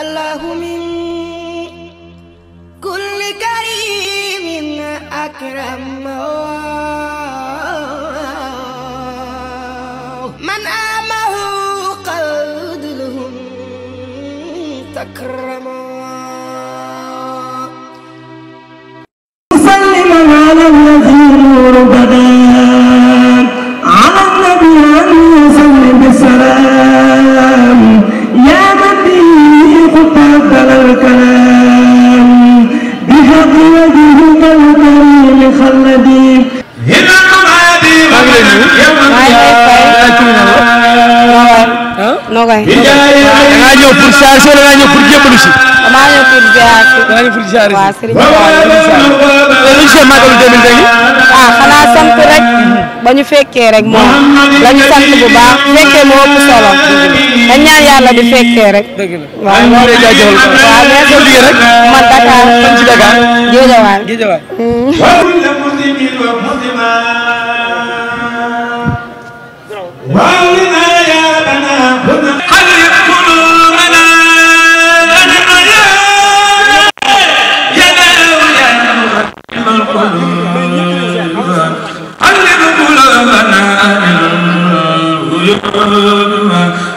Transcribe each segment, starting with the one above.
الله من كل كريم أكرمه waaw Serigne Cheikh Magal 2020 gi. ah xanaa sant rek ba ñu fekkee rek moom la ñu sant bu baax fekkee moo ëpp solo da yàlla di fekkee rek. dëgg la waaw loolu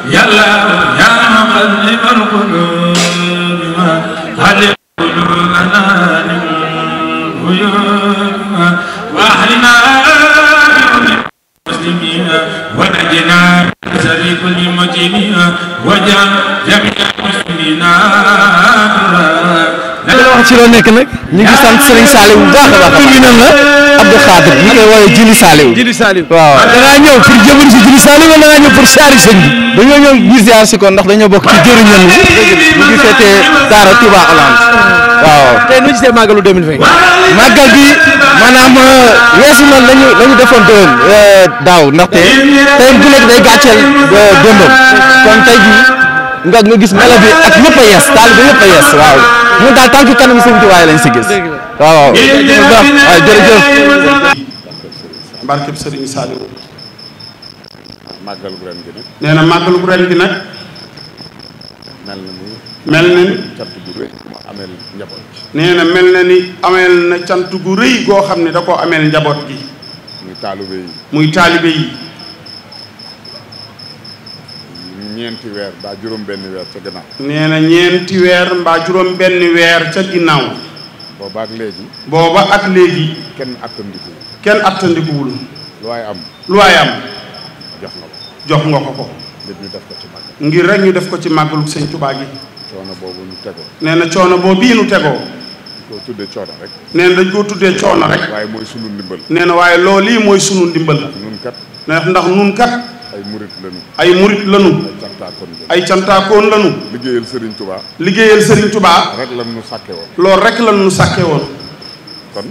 يا الله يا مقلب القلوب ci loo nekk nag. ñu ngi sant Serigne Saliou bu baax a baax. tur bi nan la Abdou Khadir ñu koy woowee Jili Saliou. Jili Saliou waaw da ñëw pour jëmale si Jili Saliou wala ñëw pour saari sëñ bi. dañoo ñëw ngir ziar si ko ndax dañoo bokk ci jëriñam yi. ñu ngi féetee Daara Touba Hollande. waaw tey nu gisee bi maanaam euh, weesu na lañu lañu defoon euh, daaw ndaxte tey bu nekk day gàcceel euh, dëndam kon tey jii. nga nga gis mélodie ak ñëpp yees taal bi yees waaw ñun daal tànk kanam Sëriñ Tuubaa lañ si gis waaw waaw waaw jërëjëf barkeb Sëriñ Saliou màggalu nag nee na màggalu ren gi nag mel na ni mel na ni ameel na mel na ni ameel na cant gu rëy goo xam ne da koo ameel njaboot gi muy taalibe yi ñeenti weer mbaa juróom benn weer ca ginnaaw nee na ñeenti weer mbaa juróom benn weer ca ginnaaw booba ak léegi booba ak léegi kenn attandikuwul kenn attandikuwul lu waay am lu waay am jox nga ko jox nga ko ko ngir ñu def ko ngir rek ñu def ko ci màggalu sëñ Tuubaa gi coono boobu ñu tegoo nee na coono boobu bii ñu tegoo koo tuddee coono rek. nee na dañ koo tuddee coono rek. waaye mooy sunu ndimbal. nee na waaye loolu lii mooy sunu ndimbal. nun kat. ndax nun ay murit lañu. ay murit lañu. ay cantaakoon lañu. liggéeyal Serigne Touba. liggéeyal Serigne Touba. rek lan nu sàkke woon. loolu rek lan nu sàkke woon. kon.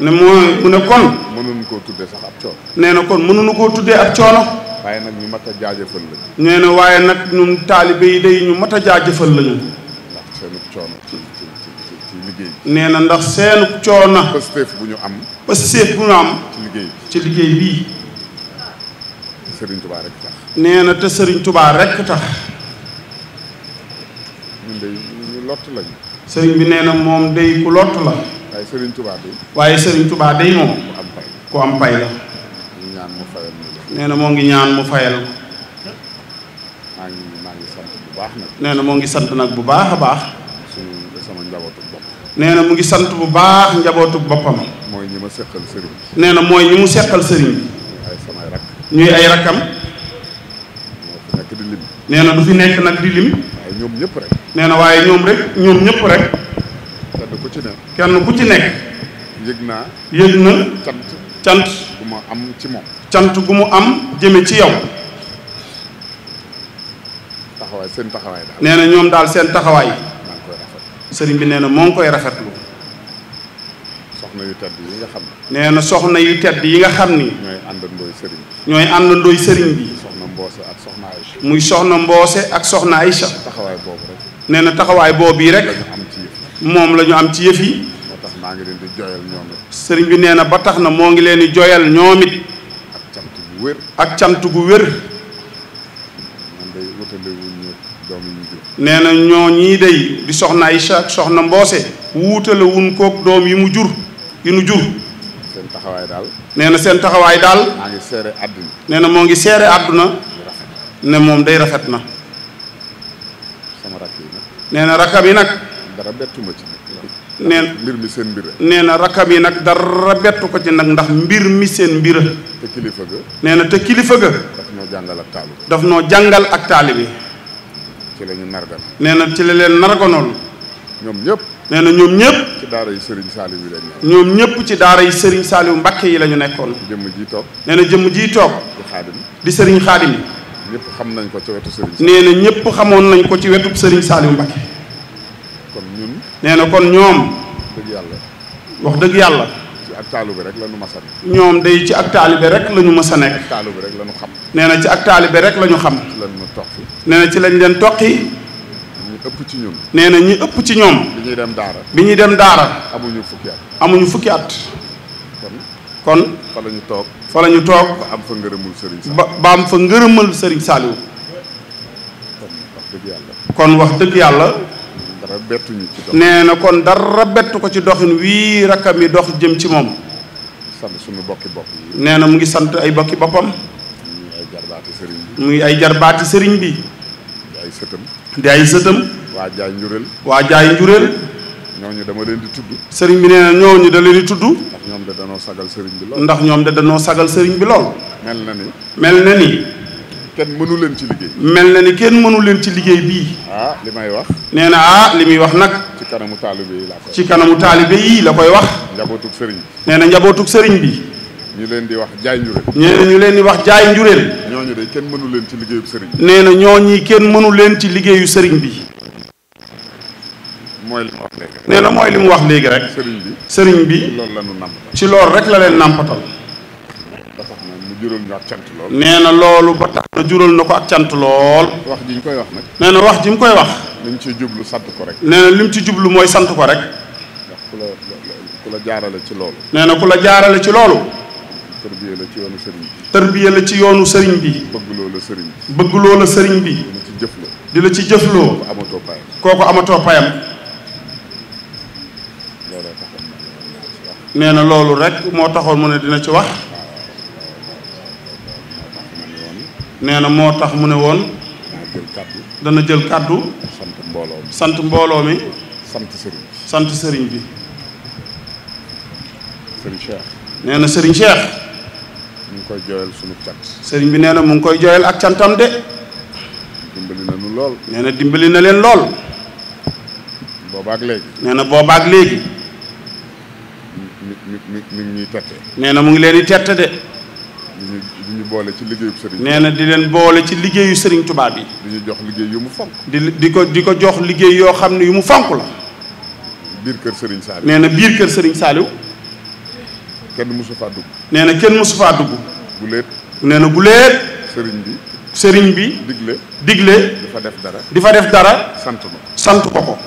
ne mooy mu ne kon. mënuñu koo tuddee sax ab coono. nee na kon mënuñu koo tuddee ab coono. waaye nag ñu mat a jaajëfal lañu. nee na waaye nag ñun taalibe yi day ñu mat a jëfal lañu. ndax seenu coono ci ci ci ci liggéey bi. nee na ndax seenu coono. pësteef bu ñu am. pësteef bu ñu am. ci liggéey bi Serigne tubaa rek tax. nee na te sëriñ tubaa rek tax. ñun de ñu lott lañu. Serigne bi nee na moom day ku lott la. waaye Serigne Touba day. waaye Serigne Touba day moom. ku am pay ku la. ñaan na moo ngi ñaan mu fayal. maa ngi maa bu baax nee na moo ngi sant nag bu baax a baax. suñu sama njabootu nee na mu ngi sant bu baax njabootu boppam. mooy ñi ma seqal sëriñ. nee na mooy ñi mu seqal sëriñ. ñuy ay rakkam. nee na du fi nekk nag di lim. waaye ñoom na waaye ñoom rek ñoom ñépp rek. kenn ku ci nekk. kenn ku ci nekk. yëg naa. na cant. cant gu mu am ci ci yow. taxawaay seen taxawaay nee na ñoom daal seen taxawaay. sëriñ bi nee na moo ngi koy rafetlu. soxna yu tedd yi nee na soxna yu tedd yi nga xam ni. ñooy àndandooy sëriñ ñooy àndandooy sëriñ bi. soxna mboose ak soxna Aïcha. muy soxna mboose ak soxna Aïcha. taxawaay boobu nee na taxawaay boobu yi rek. moom lañu am ci yëf yi. moo sëriñ bi nee na ba tax na moo ngi leen di jooyal ñoom it. ak cant gu wér. ak cant na ñoo ñii day di soxna Aïcha ak soxna mboose wuutale wun kook doom yi mu jur yu nu jur. seen taxawaay daal. nee na seen taxawaay daal. maa ngi seere àdduna. nee na moo ngi seere àdduna. ne moom day rafet na. sama rakk yi nag. na rakkam yi nag. dara bettu ma ci mbir mi seen nee na rakkam yi nag dara bettu ko ci nag ndax mbir mi seen mbir te kilifa ga. nee na te kilifa ga. daf noo jàngal ak taalibi. daf noo jàngal ak taalibi. ci la ñu nee na ci la leen nargonool. ñoom ñëpp. nee na ñoom ñëpp. ci daara yi Serigne Saliou yi lañ nekkoon. ñoom ñëpp ci daara yi Serigne Saliou Mbacke yi la ñu nekkoon. jëmm ji toog. nee na jëmm ji toog. di xaadim di Serigne xaadim yi. ñëpp xam nañ ko ci wetu Serigne. nee na ñëpp xamoon nañ ko ci wetu Serigne Saliou Mbacke. kon ñun. nee na kon ñoom. yàlla. wax dëgg yàlla. ci ak taalibe rek la ñu mas nekk. ñoom day ci ak taalibe rek la ñu mas a nekk. ak taalibe rek la ñu xam. nee na ci ak taalibe rek la ñu xam. ci lañ ci lañ leen toqi. ëpp ci ñun. nee na ñi ëpp ci ñoom. bi ñuy dem daara. bi ñuy dem daara. amuñu fukki at. amuñu fukki at. kon. kon. toog. fa toog. am fa ngërëmul Serigne Saliou. ba ba am fa ngërëmal Serigne Saliou. kon wax dëgg yàlla. dara bettuñu na kon dara bettu ko ci doxin wii rakkam yi dox jëm ci moom. sant suñu bopp yi. na mu ngi sant ay bokki boppam. mu ngi ay jarbaati sëriñ bi. mu ngi ay jarbaati sëriñ bi. di ay sëtam. di ay sëtam. waa jaay njuréel waa jaay njuréel ñooñu dama leen di tudd sëriñ bi nee na ñooñu da leen di tudd ndax ñoom de danoo sagal sëriñ bi lool ndax ñoom de danoo sagal sëriñ bi lool mel na ni mel na ni kenn mënu leen ci liggéey mel na ni kenn mënu leen ci liggéey bii ah li may wax nee na ah li muy wax nag ci kanamu taalibe yi la koy ci kanamu taalibe yi la koy wax njabootug sëriñ nee na njabootug sëriñ bi ñu leen di wax jaay njuréel nee na ñu leen di wax jaay njuréel ñooñu de kenn mënu leen ci liggéeyu sëriñ nee na ñooñi kenn mënu leen ci liggéeyu sëriñ bi mooy li mu wax léegi nee mooy li mu wax léegi rek. sëriñ bi sëriñ bi. loolu la ñu nàmpatal ci loolu rek la leen nàmpatal. jural na ak cant lool. nee na loolu ba tax na jural na ko ak cant lool. wax ji koy wax nag. nee na wax ji mu koy wax. li mu ci jublu sant ko rek. nee li mu ci jublu mooy sant ko rek. ndax ku la jaarale ci loolu. nee na ku la jaarale ci loolu. tërbiye la ci yoonu sëriñ bi. tërbiye la ci yoonu sëriñ bi. bëgg loola sëriñ bi. bëgg bi. di ci jëfloo. di la ci jëfloo. kooku amatoo payam. amatoo payam. nee na loolu rek moo taxoon mu ne dina ci wax nee na moo tax mu ne woon dana jël kàddu sant mbooloo mi sant sëriñ sant sëriñ bi sëriñ Cheikh nee na sëriñ Cheikh mu koy jooyal sunu cant sëriñ bi nee na mu ngi koy jooyal ak cantam de dimbali na nu lool nee na dimbali na leen lool boobaak léegi nee na boobaak léegi mi mi ngi ñuy na mu ngi leen di tette de. di di boole ci liggéeyu nee na di leen boole ci liggéeyu sëriñ tubaab yi di ñu jox liggéey yu mu fonk. di di ko di ko jox liggéey yoo xam ne yu mu fonk la. biir kër sëriñ Saliou. nee na biir kër sëriñ Saliou. kenn mësu faa dugg. nee na kenn mësu faa dugg. bu leet. nee na bu leet. sëriñ bi. sëriñ bi. digle digle. di fa def dara. di fa dara. sant ko sant ko ko.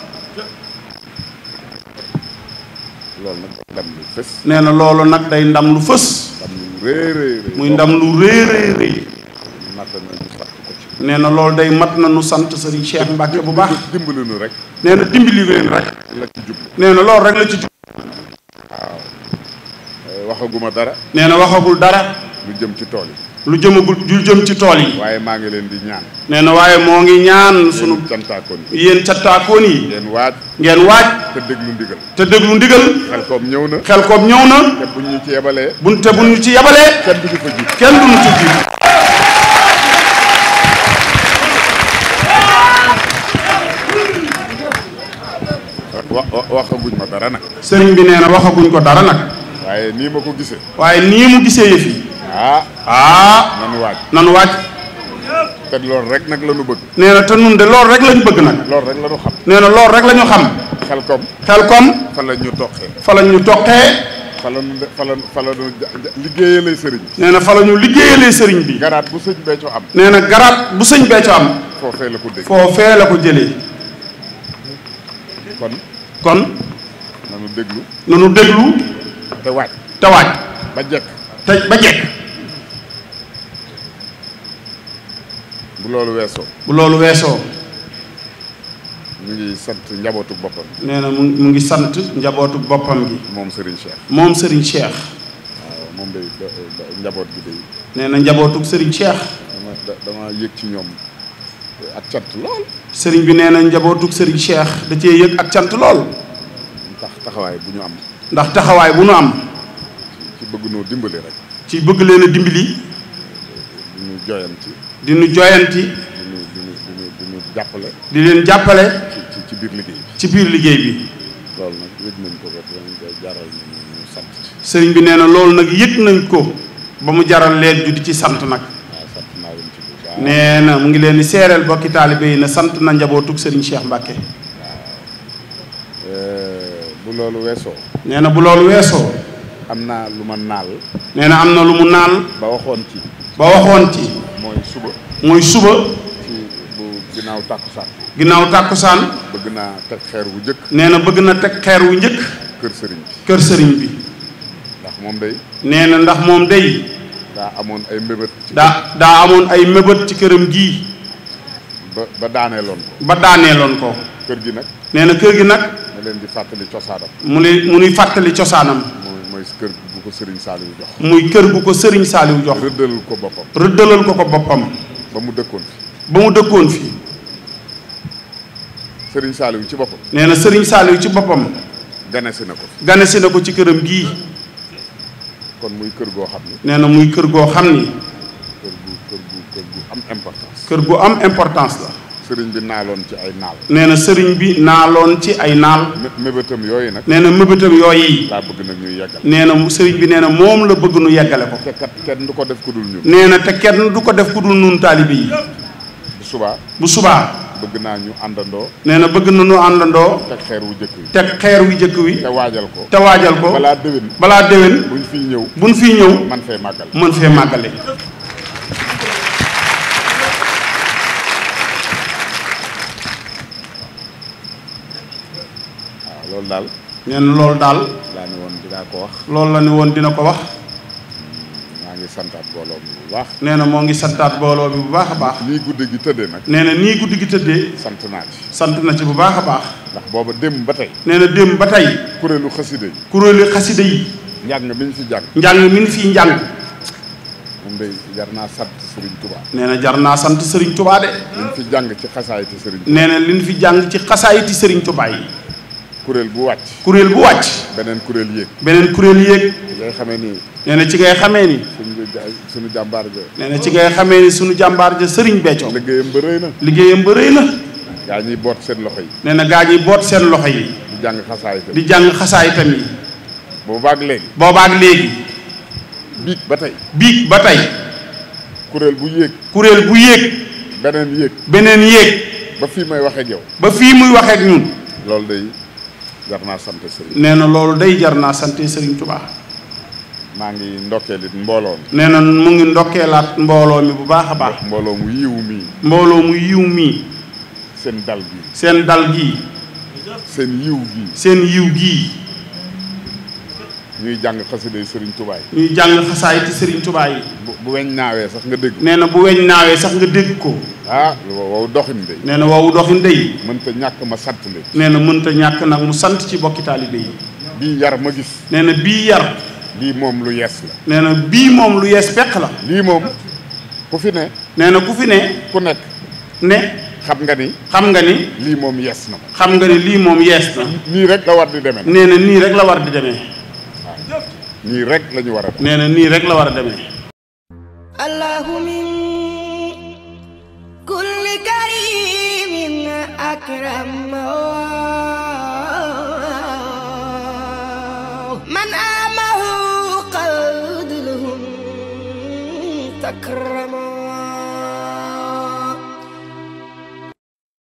loolu nee na loolu nag day ndam lu fës. ndam lu rëy rëy muy ndam lu na loolu day mat na nu sant Serigne ceeb Mbacke bu baax. dimbali nu rek. nee na rek. la ci jublu nee na loolu rek la ci jublu. waaw eh, waxaguma dara. nee na waxagul dara. lu jëm ci tool yi. lu jëmagul lu jëm ci tool yi. waaye maa ngi leen di ñaan. nee na waaye moo ngi ñaan. sunu yéen cantaakoon yi yéen cantaakoon yi. ngeen waaj. ngeen waaj. te déglu ndigal. te déglu ndigal. xel koom ñëw na. xel koom ñëw na. te ñu ci yebalee. buñ te buñ ñu ci yebalee. kenn duñu ko kenn duñu ci ji. wa waxaguñ ma dara nag. sëriñ bi nee na waxaguñ ko dara nag. waaye nii ma ko gisee. waaye nii mu gisee yëf yi. ah ah nanu waaj nanu waaj te loolu rek nag la ñu bëgg nee na te nun de lool rek lañu bëgg nag loolu rek la xam nee na loolu rek la ñu xam xel kom xel kom fa la ñu toqee fa la ñu toqee fala nu fala fala nu liggéeyalee sëriñ bi nee na fala ñu liggéeyalee sëriñ bi garaat bu sëñ becco am nee na garaat bu sëñ becco am foofee la ko dégg foofee la ko jëlee kon kon nanu déglu nanu déglu te waaj te waaj ba jekk te ba jekk loolu weesoo. bu loolu weesoo. mu ngi sant njabootu boppam. nee na mu ngi sant njabootu boppam gi. moom sëriñ Cheikh. moom Serigne Cheikh. waaw moom day njaboot gi day. nee na njabootu Serigne Cheikh. dama dama yëg ci ñoom ak cant lool. Serigne bi nee na njabootu Serigne Cheikh da cee yëg ak cant lool. ndax taxawaay bu ñu am. ndax taxawaay bu ñu am. ci bëgg noo dimbali rek. ci bëgg leen a dimbali. di ñu joyanti. di ñu joyanti. di ñu jàppale. di leen jàppale. ci ci biir liggéey bi. ci biir liggéey bi. loolu nag yëg nañ ko ba bi nee na loolu nag yëg nañ ko mu jaral leen ju di ci sant nag. nee na mu ngi leen di seereel bokki taalibe yi na sant na njabootug sëriñ Cheikh Mbacke. Euh, bu loolu weesoo. nee na bu loolu weesoo. am na lu ma naal. nee na am na lu mu naal. ba waxoon ci. ba waxoon ci. mooy suba. mooy suba. bu ginnaaw tàkkusaan. ginnaaw tàkkusaan. bëgg naa teg xeer wu njëkk. nee na bëgg na teg xeer wu njëkk. kër sëriñ bi kër sëriñ bi. ndax moom day. nee na ndax moom day. daa amoon ay mébét. daa daa amoon ay mébét ci këram gii. ba ba daaneeloon ko. ba daaneeloon ko. kër gi nag. nee na kër gi nag. mu leen di fàttali cosaanam. mu leen mu nuy fàttali cosaanam. ko Serigne Saliou jox. muy kër gu ko sëriñ Saliou jox. rëddalal ko boppam. rëddalal ko ko boppam. ba mu dëkkoon fi. ba mu dëkkoon fi. Serigne Saliou ci boppam. nee na Serigne Saliou ci boppam. ganesi na ko. ganesi na ko ci këram gii. kon muy kër goo xam ne. nee na muy kër goo xam ne kër gu kër am importance. kër gu am importance la. sëriñ bi naaloon ci ay naal. nee na sëriñ bi naaloon ci ay naal. mëbëtam yooyu nag. nee na mëbëtam yooyu. laa bëgg nag ñuy nee na sëriñ bi nee na moom la bëgg nu yeggale ko. te kat du ko def ku dul nee na te kenn du ko def ku dul ñun taalibe yi. bu subaa. bu subaa. bëgg naa ñu àndandoo. nee na bëgg na ñu àndandoo. te xeer wu jëkk wi. teg xeer wu jëkk wi. te waajal ko. te waajal ko balaa déwén. bu déwén. buñ fiy ñëw. buñ fiy ñëw. man fee man fee màggale. loolu daal. neen loolu daal. laa ne woon dinaa ko wax. loolu la ne woon dina ko wax. maa ngi santaat booloo bi bu baax. nee na moo ngi santaat booloo bi bu baax a baax. nii guddi gi tëddee nag. nee na nii guddi gi tëddee. sant naa ci. sant na ci bu baax a baax. ndax booba démb ba tey. nee na démb ba tey. kuréelu xasida yi. kuréelu xasida yi. njàng mi ñu fi jàng. njàng mi ñu fiy njàng. moom day jar naa sant Serigne Touba. nee na jar naa sant Serigne Touba de. liñ fi jàng ci xasaayiti Serigne. nee na liñ fi jàng ci xasaayiti Serigne Touba yi. kuréel bu wàcc. kuréel bu wàcc. beneen kuréel yéeg. beneen kuréel yéeg. ngay xamee ni. nee ci ngay xamee ni. suñu jàmbaar ja. ci ngay xamee suñu jàmbaar ja sëriñ Béthio. liggéeyam ba rëy na. liggéeyam ba rëy na. gaa boot seen loxo yi. nee na gaa ñiy boot seen loxo yi. di jàng di jàng xasaay itam yi. boobaag léegi. boobaag ba tey. kuréel bu yéeg. kuréel bu yéeg. beneen yéeg. beneen yéeg. ba fii may waxee yow. ba fii muy waxee ak loolu day. jar naa sant Serigne. nee na loolu day jar naa sant Serigne Touba. maa ngi ndokkeel it mbooloo mi. nee na mu ngi ndokkeelaat mbooloo mi bu baax a baax. mbooloo mu yiw mii. mbooloo mu yiw mii. seen dal gi. seen dal gi. seen yiw gi. seen yiw gi. ñuy jàng xasida yi Serigne Touba yi. ñuy jàng xasaay ci Serigne Touba yi. bu bu weñ naawee sax nga dégg. nee na bu weñ naawee sax nga dégg ko. ah wow doxin de. nee na wow doxin de yi. mënta ñàkk ma sant leen. nee na mënta ñàkk nag mu sant ci bokki taalibe yi. bii yar ma gis. nee na bii yar. lii moom lu yees la. nee na bii moom lu yees peq la. lii moom ku fi ne. nee na ku fi ne. ku nekk. ne. xam nga ni xam nga ni lii moom yees na xam nga ni lii moom yees na nii rek la war di nee na nii rek la war di demee nii rek la ñu war a. nee na nii rek la war a demee. allahu min kulli karimin akramahu man amahu qalduhum takrama